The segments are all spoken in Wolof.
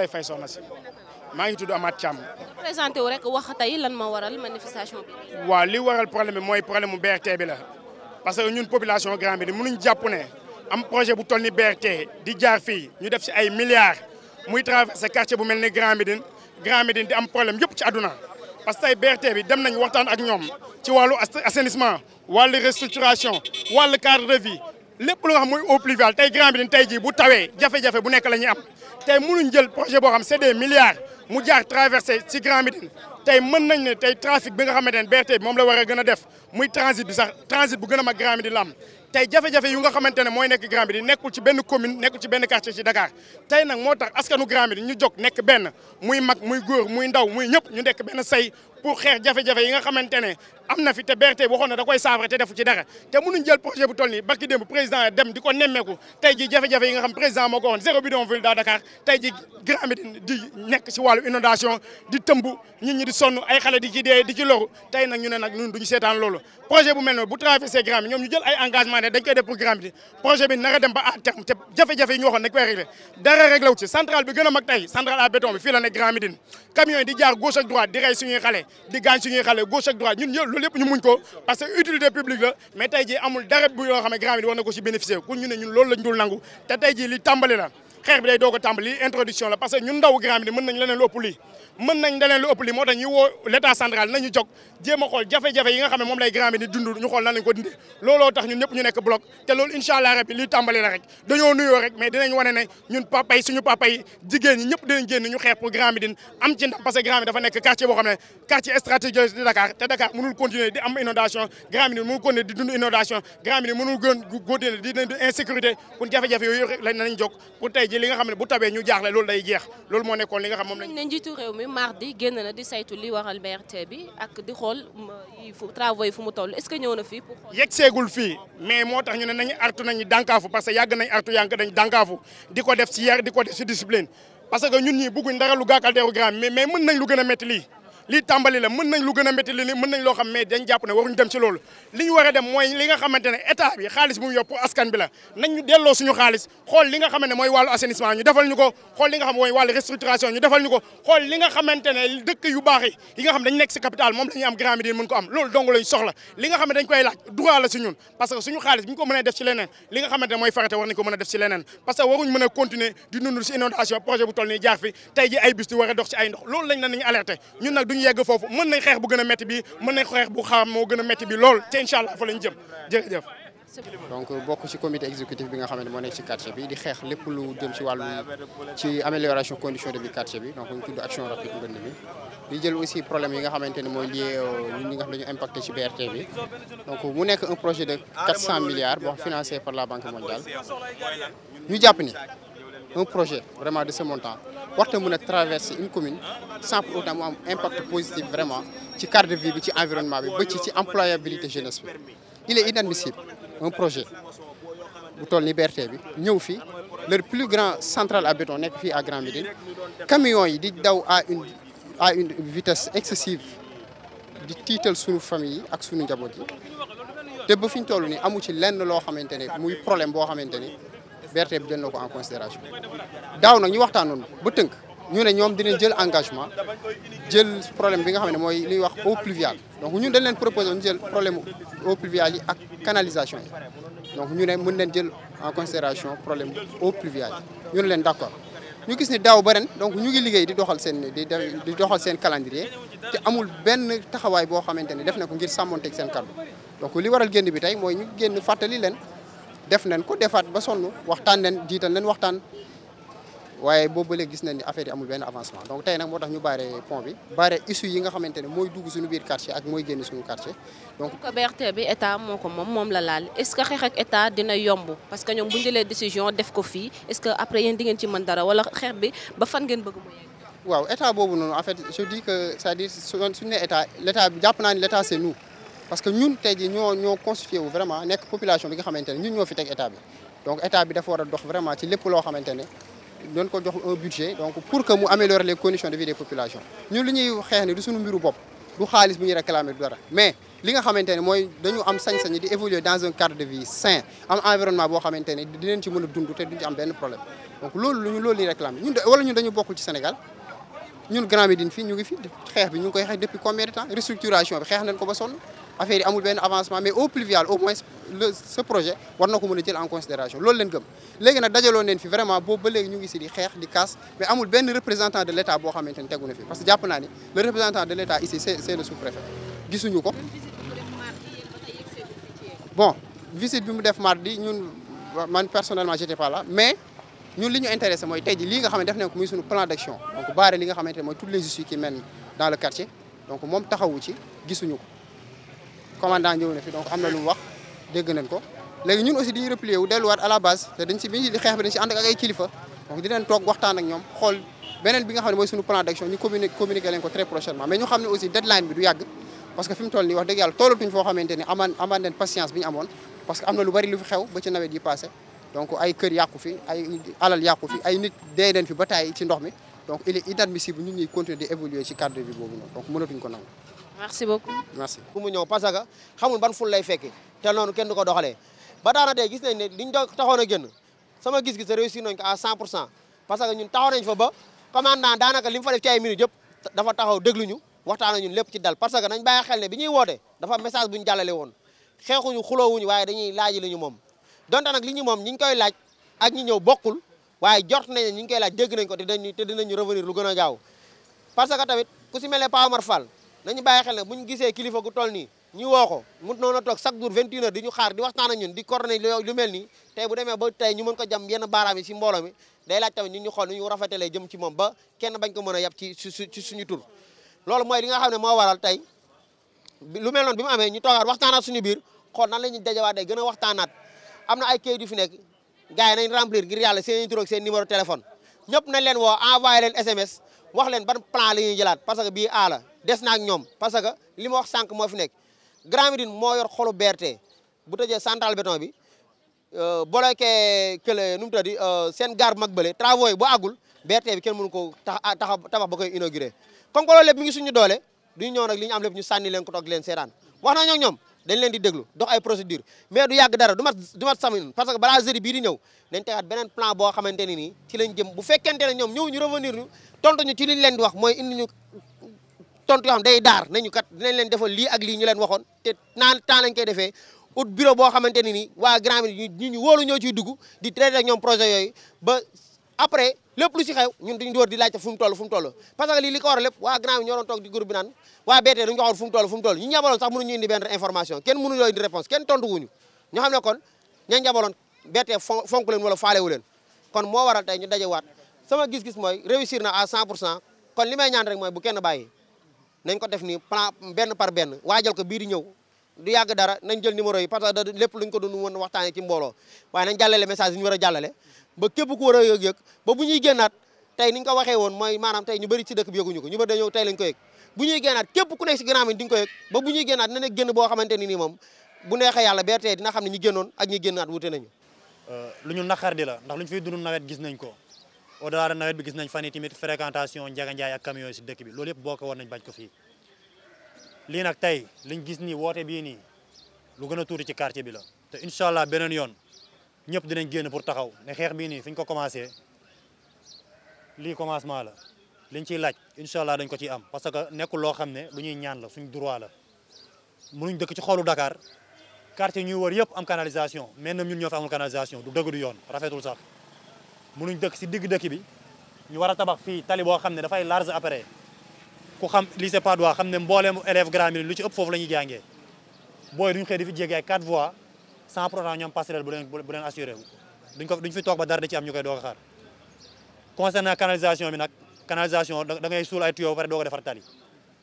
lay fay soxna si maa ngi tudd Amath Thiam. présenté wu li waral problème bi mooy problème mu BRT bi la parce que ñun population Grand Médine mënuñ jàpp ne am projet bu toll ni BRT di jaar fii ñu def si ay milliards muy traversé quartier bu mel ni Grand Médine Grand Médine di am problème yëpp ci àdduna. parce que tey BRT bi dem nañ waxtaan ak ñoom ci wàllu assainissement wàllu restructuration wàllu cadre de vie. lépp lu nga xam mooy eau pluviale tey Grand Médine tey jii bu tawee jafe-jafe bu nekk la ñuy am tey mënuñ jël projet boo xam c'est des milliards mu jaar traversé ci Grand Médine mën nañ ne tey trafic bi nga xamante ne BRT moom la war a gën a def muy transit bi sax transit bu gën a mag Grand Médine la am tey jafe-jafe yu nga xamante ne mooy nekk Grand Médine nekkul ci benn commune nekkul ci benn quartier ci Dakar tey nag moo tax askanu Grand Médine ñu jog nekk benn muy mag muy góor muy ndaw muy ñëpp ñu nekk benn say pour xeex jafe-jafe yi nga xamante ne am na fi te BRT waxoon na da koy saafara te defu ci dara te mënuñ jël projet bu toll nii barki démb président dem di ko nemmeeku tey ji jafe-jafe yi nga xam président moo ko woon zéro bidonville dans Dakar tey ji Grand Médine di nekk si wàllu inondation di tëmb nit ñi di sonn ay xale di ci dee di ci loru tey nag ñu ne nag ñun duñu seetaan loolu projet bu mel noonu bu traversé Grand ñoom ñu jël ay engagement ne dañ koy def pour Grand Médine projet bi nar a dem ba à terme te jafe-jafe yi ñu waxoon nañ a mag tey xale di gaañ suñuy xale gauche ak droite ñun ñëpp loolu yëpp ñu muñ ko parce que utilité publique la mais tey jii amul dara bu yoo xam ne grand bi na ko si bénéficier ku ñu ne ñun loolu lañ dul nangu te tey jii li tàmbali la xeex bi day doog a tàmbali introduction la parce que ñun ndaw Grand Médine mën nañ leneen lu ëpp lii mën nañ leneen lu ëpp lii moo tax ñu woo central nañu jóg jéem a xool jafe-jafe yi nga xam ne moom lay Grand Médine dund ñu xool nan lañ ko dindi looloo tax ñun ñëpp ñu nekk bloc te loolu incha allah rabbi tàmbali la rek dañoo nuyoo rek mais dinañ wane ne ñun papa yi suñu papa yi jigéen ñi ñëpp dinañ génn ñu xeex pour Grand Médine am ci ndam parce que Grand ji li nga xam ne bu tabee ñu jaaxle loolu day jeex loolu moo nekkoon li nga xam moom lañ ne njiitu réew mi mardi génn na di saytu li waral BRT bi ak di xool fu travaux yi fu mu toll est-ce que ñëw na fii yegg seegul fii mais moo tax ñu ne nañu artu nañu dànkaafu parce que yàgg nañ artu yànk dañ dànkaafu di ko def si yar di ko def si discipline parce que ñun ñii bëgguñ dara lu gàkkal teeru grand mais mais mën nañ lu gën a métti lii lii tàmbali la mën nañ lu gën a métti mën nañ loo xam mais dañ jàpp ne waruñ dem ci loolu li ñu dem mooy li nga xamante ne xaalis mu yóbbu askan bi la mooy wàllu assainissement ñu dëkk yu baax yi yi nga xam capital moom la am Grand Médine mën ko am loolu dong lañ soxla li nga xam ne dañ laaj droit la si ñun parce que suñu xaalis bu ñu ko mënee def ci leneen li nga xamante mooy farata war nañ ko mën a def ci leneen parce duñ yegg foofu mën nañ xeex bu gën a métti bi mën nañ xeex bu xaw moo gën a métti bi lool te incha allah fa lañ jëm jërëjëf donc bokk ci comité exécutif bi nga xamante moo nekk ci quartier bi di xeex lépp lu jëm ci wàllu ci amélioration condition de vie quartier bi donc ñu tudd action rapide nga xamante ne mooy lié euh, ñun ñi nga xam dañu impacté ci BRT bi donc mu nekk un projet de 400 milliards boo xam financé par la Banque mondiale ñu jàpp ni un projet vraiment de ce montant warta mën a traverser une commune sans pour autant mu am impact positif vraiment ci cadre de vie bi ci environnement bi ba ci ci employabilité jeunesse bi il est inadmissible un projet bu toll ni BRT bi ñëw fii leur plus grand centrale à béton nekk fii à Grand Médine camions yi di daw à une à une vitesse excessive di tiital sunu famille yi ak sunu njaboot yi te ba fi ñu toll nii amu ci lenn loo xamante ne muy problème boo xamante ni BRT bi jël na ko en considération daaw nag ñu waxtaanoon ba tënk ñu ne ñoom dinañ jël engagement jël problème bi nga xam ne mooy li wax eau pluviale donc ñun dañ leen proposé ñu jël problème eau pluviale yi ak canalisation yi donc ñu ne mën leen jël en considération problème eau pluviale yi ñu ne leen d' accord ñu gis ne daaw ba ren donc ñu ngi liggéey di doxal seen di di doxal seen calendrier te amul benn taxawaay boo xamante ne def na ko ngir sàmmonteeg seen kàddu donc li waral génn bi tey mooy ñu génn fàttali leen def nañ ko defaat ba sonn waxtaan leen jiital leen waxtaan waaye boobu léegi gis nañ ni affaire yi amul benn avancement donc tey nag moo tax ñu baare pont bi baare issue yi nga xamante ne mooy dugg suñu biir quartier ak mooy génn suñu quartier. donc ko BRT bi état moo ko moom moom la laal est ce que xeex dina yomb parce que ñoom bu ñu jëlee décision def ko fii est ce que après yéen di ngeen ci mën dara wala xeex bi ba fan ngeen bëgg mu yegg waaw état boobu noonu en fait naa l' état c' parce que ñun tey jii ñoo ñoo constitué wu vraiment nekk population bi nga xamante ne ñun ñoo fi teg état bi donc état bi dafa war a dox vraiment ci lépp loo xamante ne doon ko jox un budget donc que mu améliorer les conditions de vie des populations ñun li ñuy xeex ne du suñu mbiru bopp du xaalis bu ñuy réclamer dara mais li nga xamante ne mooy dañu am sañ-sañ di évoluer dans un cadre de vie sain am environnement boo xamante ne dinañ ci mën a dund te duñ ci am benn problème donc loolu luñu loolu ñuy ñun ñu ngi fi xeex bi ñu ngi koy xeex depuis combien de temps affaire yi amul benn avancement mais au pluvial au moins ce projet war na ko mën a jël en considération loolu leen gëm léegi nag dajaloon neen fi vraiment boobu ba léegi ñu ngi si di xeex di kaas mais amul benn représentant de l' état boo xamante ne tegu fi parce que jàpp naa ni le représentant de l' état ici c'est c'est le sous-préfet gisuñu ko bon visite bi mu def mardi ñun man personnellement j'étais pas là mais ñun li ñu intéressé mooy tey li nga xam ne def nañ ko muy suñu plan d' action donc ne mooy toutes les issues qui mènent dans le ci gisuñu ko commandant ñëw na fi donc am na lu mu wax dégg nañ ko léegi ñun aussi dañuy replier wu delluwaat à la base te dañ xeex bi dañ si ànd bi nga ñu xam ne du yàgg parce que fi toll nii wax dëgg yàlla toolatuñ foo xamante ni amaan amaan leen patience bi ñu amoon parce que am na lu bari lu fi xew ba ci nawet yi passé donc ay kër yàqu fi alal yàqu fi ay nit dee fi ba tàyyi ci ndox mi donc il est inadmissible ñuy continuer di évoluer ci cadre bi boobu noonu donc mënatuñ ko nangu merci beaucoup merci bu mu ñëw parce que xamul ban ful lay fekki te noonu ken du ko doxalee ba daana tey gis nañ ne liñ taxoon a génn sama gis-gis réussir nañ ko à 100 pour cent parce que ñun taxaw nañ fa ba commandant daanaka li mu fa def ci ay minutes yëpp dafa taxaw dégluñu waxtaan ñun lépp ci dal parce que nañ bàyyi xel ne bi ñuy woote dafa message bu ñu jàllale woon xeexuñu xuloowuñu waaye dañuy laaji li ñu moom donte nag li ñu moom ñi ngi koy laaj ak ñi ñëw bokkul waaye jort nañ ne ngi koy laaj dégg nañ ko te dinañu te dinañu revenir lu gën a gaaw parce que tamit ku si mel ne Pa Omar Fall nañu bàyyi xel bu ñu gisee kilifa gu toll nii ñu woo ko mun noon a toog chaque jour 21 heures di ñu xaar di waxtaan ak di coordonné lu mel nii tey bu demee ba tey ñu mën ko jam yenn baaraam yi si mbooloo mi day laaj tamit ñun ñu xool ñu rafetalee jëm ci moom kenn bañ ko mën a yab ci ci suñu tur loolu mooy li nga xam ne moo waral tey lu mel noonu bi mu amee ñu toogaat waxtaanaat suñu biir xool nan ñu ñuy dajawaat day gën a waxtaanaat am na ay kayit yu fi nekk gars yi nañ remplir ngir yàlla seen tur ak seen numéro ñëpp nañ leen woo envoyé leen SMS wax leen ban plan la ñuy jëlaat que bii A des na ak ñoom parce que li ma wax sànq moo fi nekk Grand Médine moo yor xolu berte bu tëjee central béton bi euh, bloqué kële nu mu tëddi euh, seen gaar mag bële travaux yi boo àggul bi kenn mënu ko tax ah, tabax ba koy inauguré comme que loolu mi ngi suñu doole duñu ñëw nag li ñu am leen ko toog leen seetaan wax na ñoom ñoom dañ leen di déglu dox ay procédure mais du yàgg dara du mat du mat parce que balaa jeudi bii di ñëw dañ tegaat beneen plan boo xamante ni nii ci lañ jëm bu fekkente ne ñoom ñëw ñu revenir ñu tontu ñu ci liñ leen di wax mooy indi ñu tontu yoo xam day daar nañu kat dinañ leen defal lii ñu leen waxoon te naan temps lañ koy defee ut boo xamante ne ni waa grand bi ñu ñoo ciy dugg di traité ak projet yooyu ba après lépp lu si xew ñun duñ fu mu toll fu mu toll parce que lii li ko war lépp waa grand bi ñoo doon toog di groupe bi naan waa BT duñu waxoon fu mu toll fu mu toll ñu njabaloon sax mënuñu indi benn kon ña njabaloon BT fonk leen wala kon moo waral tey ñu dajewaat sama gis-gis mooy réussir na à 100 pour cent kon li may ñaan rek mooy bu kenn bàyyi nañ ko def nii plan benn par benn waajal ko bii di ñëw du yàgg dara nañ jël numéro yi parce que lépp luñ ko doon woon waxtaanee ci mbooloo waaye nañ jàllale message yi ñu war a jàllale ba képp ku war bu ñuy génnaat tey niñ ko waxee woon mooy maanaam tey ñu bëri ci dëkk bi yëguñu ko ñu ko yëg bu ñuy génnaat képp ku nekk si ko bu ñuy génnaat na nekk génn boo xamante ni nii moom bu neexee yàlla bee tey dina xam ne ñu génnoon ak ñu génnaat wute nañu euh, lu ñu naqar di la ndax lu gis nañ ko au delà de nawet bi gis nañ fan yi tamit fréquentation Ndiaga Ndiaye ak camions yi si dëkk bi loolu yëpp boo ko war nañ bañ ko fii lii nag tey liñ gis nii woote bii nii lu gën a tuuti ci quartier bi la te incha allah beneen yoon ñëpp dinañ génn pour taxaw ne xeex bii nii fi ñu ko commencé lii commencement la liñ ciy laaj incha allah dañ ko ciy am parce que nekkul loo xam ne lu ñuy ñaan la suñ droit la mënuñ dëkk ci xoolu Dakar quartier ñuy wër yëpp am canalisation mais ñun ñoo fi du dëgg du yoon rafetul sax munuñ dëkk si digg dëkk bi ñu war a tabax fii tali boo xam ne dafay large après ku xam lycée Padois xam ne mbooleem élève Grand Médine lu ci ëpp foofu la ñuy jàngee booy duñ xëy di fi jéggi ay 4 voies sans pour ñoom passerelle bu leen bu leen assuré wu duñ ko duñ fi toog ba dara di ci am ñu koy doog a xaar concernant canalisation bi nag canalisation da ngay suul ay tuyau ba pare doog a defar tali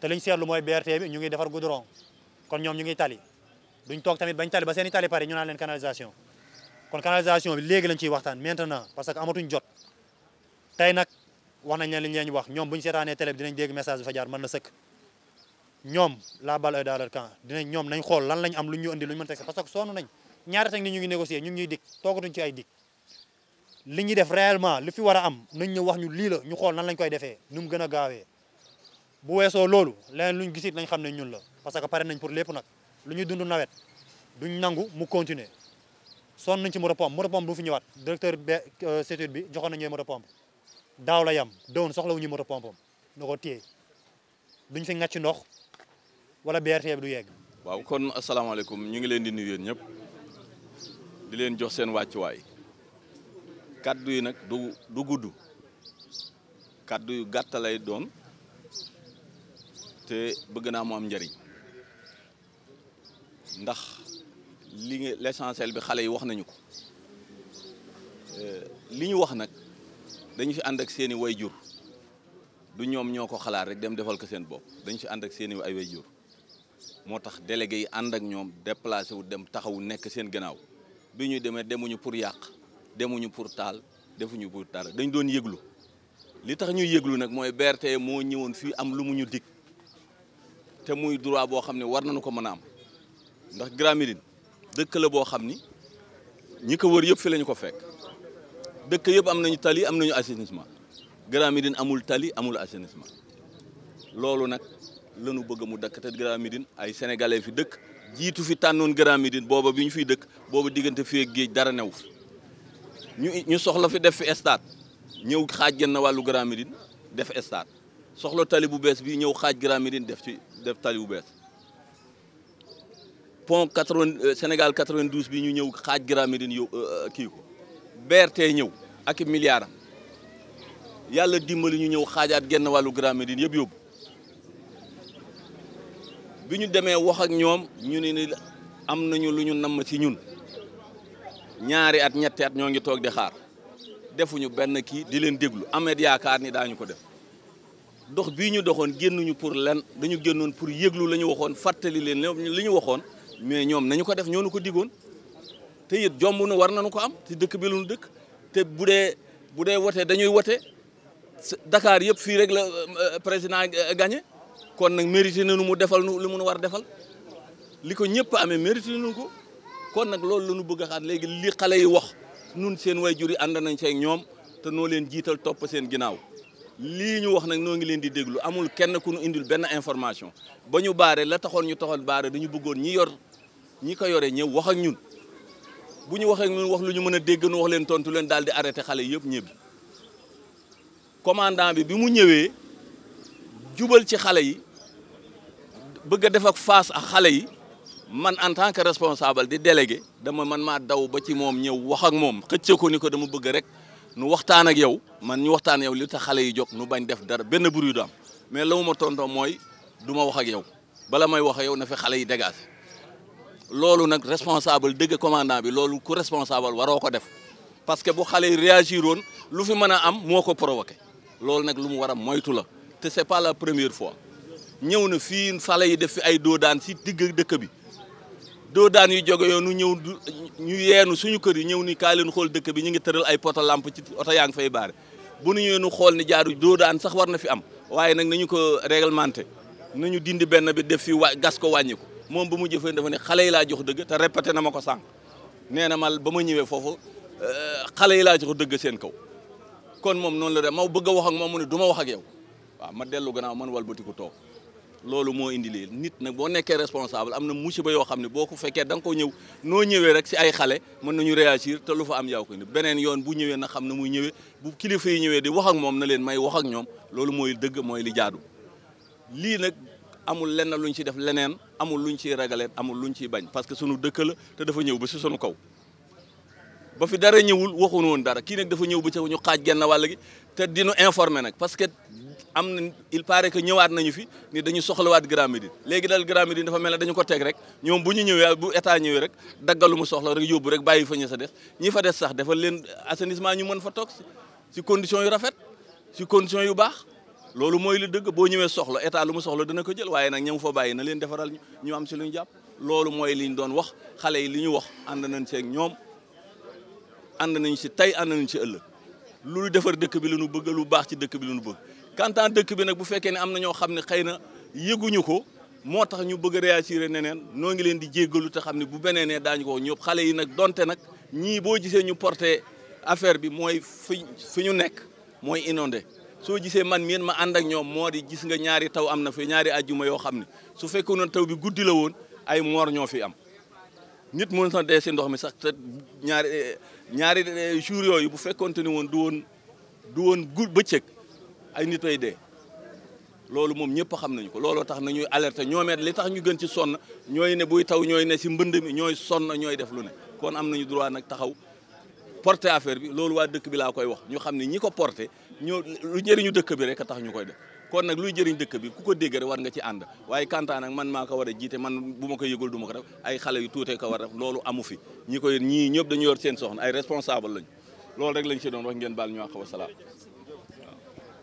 te liñ seetlu mooy BRT bi ñu ngi defar goudron kon ñoom ñu ngi tali duñ toog tamit bañ tali ba seen i tali pare kon canalisation bi léegi lañ ciy waxtaan maintenant parce que amatuñ jot tey nag wax nañ leen li ñu wax ñoom bu ñu seetaanee télé bi dinañ message bi fa na sëkk ñoom la balle est dans leur dinañ ñoom nañ xool lan lañ am lu ñu indi lu ñu mën teg parce que sonn nañ ñaari ni ñu ngi négocier ñu ngi ñuy dik toogatuñ ci ay dik li ñuy def réellement li fi war a am nañ ñu wax ñu lii la ñu xool nan lañ koy defee nu gën a gaawee bu weesoo loolu leneen luñ gisit nañ xam ne ñun la parce que pare nañ pour lépp nag lu ñu dund nawet duñ nangu mu continuer sonn nañ ci moto pompe moto pompe bu fi ñëwaat directeur b euh, CTUD bi joxoon nañu moto pompe daaw la yam doon soxlawuñu moto pompe am da ko téye duñ fi ngàcc ndox wala BRT bi du yegg. waaw kon asalaamaaleykum ñu ngi leen di nuyu yéen ñëpp di leen jox seen wàccuwaay kaddu yi nag du du gudd kaddu yu gàtt lay doon te bëgg naa mu am njariñ ndax. li nga l'essentiel bi xale yi wax nañu ko euh, li ñu wax nag dañu fi ànd ak seeni way jur du ñoom ñoo ko xalaat rek dem defal ko seen bopp dañu si ànd ak seeni ay jur moo tax délégué yi ànd ak ñoom déplacé wu dem taxawu nekk seen gannaaw bi ñuy demee demuñu pour yàq demuñu pour taal defuñu pour dara dañ doon yëglu li tax ñuy yëglu nag mooy BRT moo ñëwoon fii am lu mu ñu dikk te muy droit boo xam ne war nañu ko mën a am ndax Grand Médine dëkk la boo xam ni ñi ko wër yëpp fi lañu ko fekk dëkk yëpp am nañu tali am nañu assainissement Grand Médine amul tali amul assainissement loolu nag lanu bëgg mu dakk te Grand Médine ay sénégalais fi dëkk jiitu fi tànnoon Grand Médine booba bi ñu fiy dëkk booba diggante fii ak géej dara new fi ñu ñu soxla fi def fi stade ñëw xaaj gen na wàllu Grand Médine def stade soxla tali bu bees bi ñëw xaaj Grand Médine def ci def tali bu bees pont 80 euh, Sénégal 92 bi ñu ñëw xaaj Grand Médine yow euh, euh, kii ko ñëw ak i yàlla dimbali ñu ñëw xaajaat genn wàllu Grand Médine yëpp yóbbu bi ñu demee wax ak ñoom ñu ne ni am nañu lu ñu namm ci ñun ñaari at ñette at ñoo ngi toog di xaar defuñu benn kii di leen déglu ameet yaakaar ni daañu ko def dox bii ñu doxoon génnuñu pour len dañu génnoon pour yëglu la ñu waxoon fàttali leen li ñu waxoon mais ñoom nañu ko def ñoo nu ko diggoon te it jomb nu war nañu ko am te dëkk bi lu dëkk te bu dee bu dee wote dañuy wote dakaar yëpp fii rek la euh, président gagné kon nag na nu mu defal nu li mu war defal li ko ñëpp amee mérité nañu ko kon nag loolu la ñu bëgg a xaar léegi li xale yi wax nun seen waajur yi ànd nañ ci ñoom te noo leen jiital topp seen ginnaaw lii ñu wax nag noo ngi leen di déglu amul kenn ku nu indil benn information ba ñu baare la taxoon ñu taxoon baare dañu bëggoon ñi yor. ñi ko yore ñëw wax ak ñun bu ñu waxee ak ñun wax lu ñu mën a dégg nu wax leen tontu leen daal di arrêté xale yëpp ñibbi commandant bi bi mu ñëwee jubal ci xale yi bëgg a def ak face ak xale yi man en tant que responsable di délégué dama man maa daw ba ci moom ñëw wax ak moom xëcce ko dama bëgg rek nu waxtaan ak yow man ñu waxtaan yow li te xale yi jog nu bañ def dara benn bruit mais la mu ma tontoo mooy du ma wax ak yow bala may wax ak yow na fi xale yi dégage loolu nag responsable dëgg commandant bi loolu ku responsable waroo ko def parce que bu xale yi réagir woon lu fi mën a am moo ko provoqué loolu nag lu mu war a moytu la te c'est pas la première fois ñëw na fii xale yi def fi ay doodaan si digg dëkk bi doodaan yu jóge yoonu ñëw ñu yeenu suñu kër yi ñëw ni kaa nu xool dëkk bi ñu ngi tëral ay poto lamp ci oto yaa ngi fay baare bu nu ñëwee xool ni jaaru doodaan sax war na fi am waaye nag nañu ko réglementé nañu dindi benn bi def fi wa gas ko wàññi moom ba mu jëfee dafa ne xale yi laa jox dëgg te répété na ma ko sànq neena na mal ba ma ñëwee foofu euh, xale yi laa jox dëgg seen kaw kon moom noonu la de ma bëgg a wax ak moom mu ne du ma wax ak yow waaw ma dellu gannaaw man walbatiku toog loolu moo indi lii nit nag boo nekkee responsable am na musiba yoo xam ne boo ko fekkee danga ko ñëw noo ñëwee rek si ay xale mën nañu réagir te lu fa am yaa ko ni beneen yoon bu ñëwee na xam ne muy ñëwee bu kilifa yi ñëwee di wax ak moom na leen may wax ak ñoom loolu mooy dëgg mooy li jaadu amul lenn ñu ci def leneen amul ñu ciy ragaleen amul luñ ciy bañ parce que sunu dëkk la te dafa ñëw ba si sunu kaw ba fi dara ñëwul waxunu woon dara kii nag dafa ñëw ba ca ñu xaaj genn wàll gi te informé nag parce que am na il paraît que ñëwaat nañu fi ni dañu soxlawaat Grand Médine léegi daal Grand Médine dafa mel ne dañu ko teg rek ñoom bu ñu ñëwee bu état ñëwee rek daggalu soxla rek yóbbu rek bàyyi fa ñu sa des ñi fa des sax dafa leen assainissement ñu mën fa toog si si conditions yu rafet si conditions yu baax loolu mooy li dëgg boo ñëwee soxla état lu mu soxla dana ko jël waaye nag ña mu fa bàyyi na leen defaral ñu am si lu ñu jàpp loolu mooy li doon wax xale yi li ñu wax ànd nañ ci ak ñoom ànd nañ si tey ànd nañ si ëllëg lu defar dëkk bi lu ñu bëgg lu baax ci dëkk bi lu ñu bëgg quant dëkk bi nag bu fekkee ne am na ñoo xam ne xëy na yëguñu ko moo tax ñu bëgg a réagir neneen noo ngi leen di jéggalu te xam ne bu beneenee daañu ko ñëpp xale yi nag donte nag ñii boo gisee ñu porté affaire bi mooy fi fi ñu nekk mooy inondé soo gisee man meen ma ànd ak ñoom moo di gis nga ñaari taw am na fi ñaari ajjuma yoo xam ne su fekkoon taw bi guddi la woon ay moor ñoo fi am nit mën sa dee si ndox mi sax te ñaari ñaari jour yooyu bu fekkoonte ne woon du woon du woon gu bëccëg ay nit ay dee loolu moom ñëpp xam nañu ko looloo tax na ñuy alerter ñoomee li tax ñu gën ci sonn ñooy ne buy taw ñooy ne si mbënd mi ñooy sonn ñooy def lu ne kon am nañu droit nag taxaw porter affaire bi loolu waa dëkk bi laa koy wax ñu xam ne ñi ko porter ñoo lu jëriñu dëkk bi rek a tax ñu koy def kon nag luy jëriñ dëkk bi ku ko dégg rek war nga ci ànd waaye kantaanag man maa ko war a jiite man bu ma ko yëgul du ma ko def ay xale yu tuutee ko war loolu amu fi ñi koy ñii ñëpp dañu yor seen soxna ay responsable lañ loolu rek lañ ci doon wax ngeen baal ñu àq wa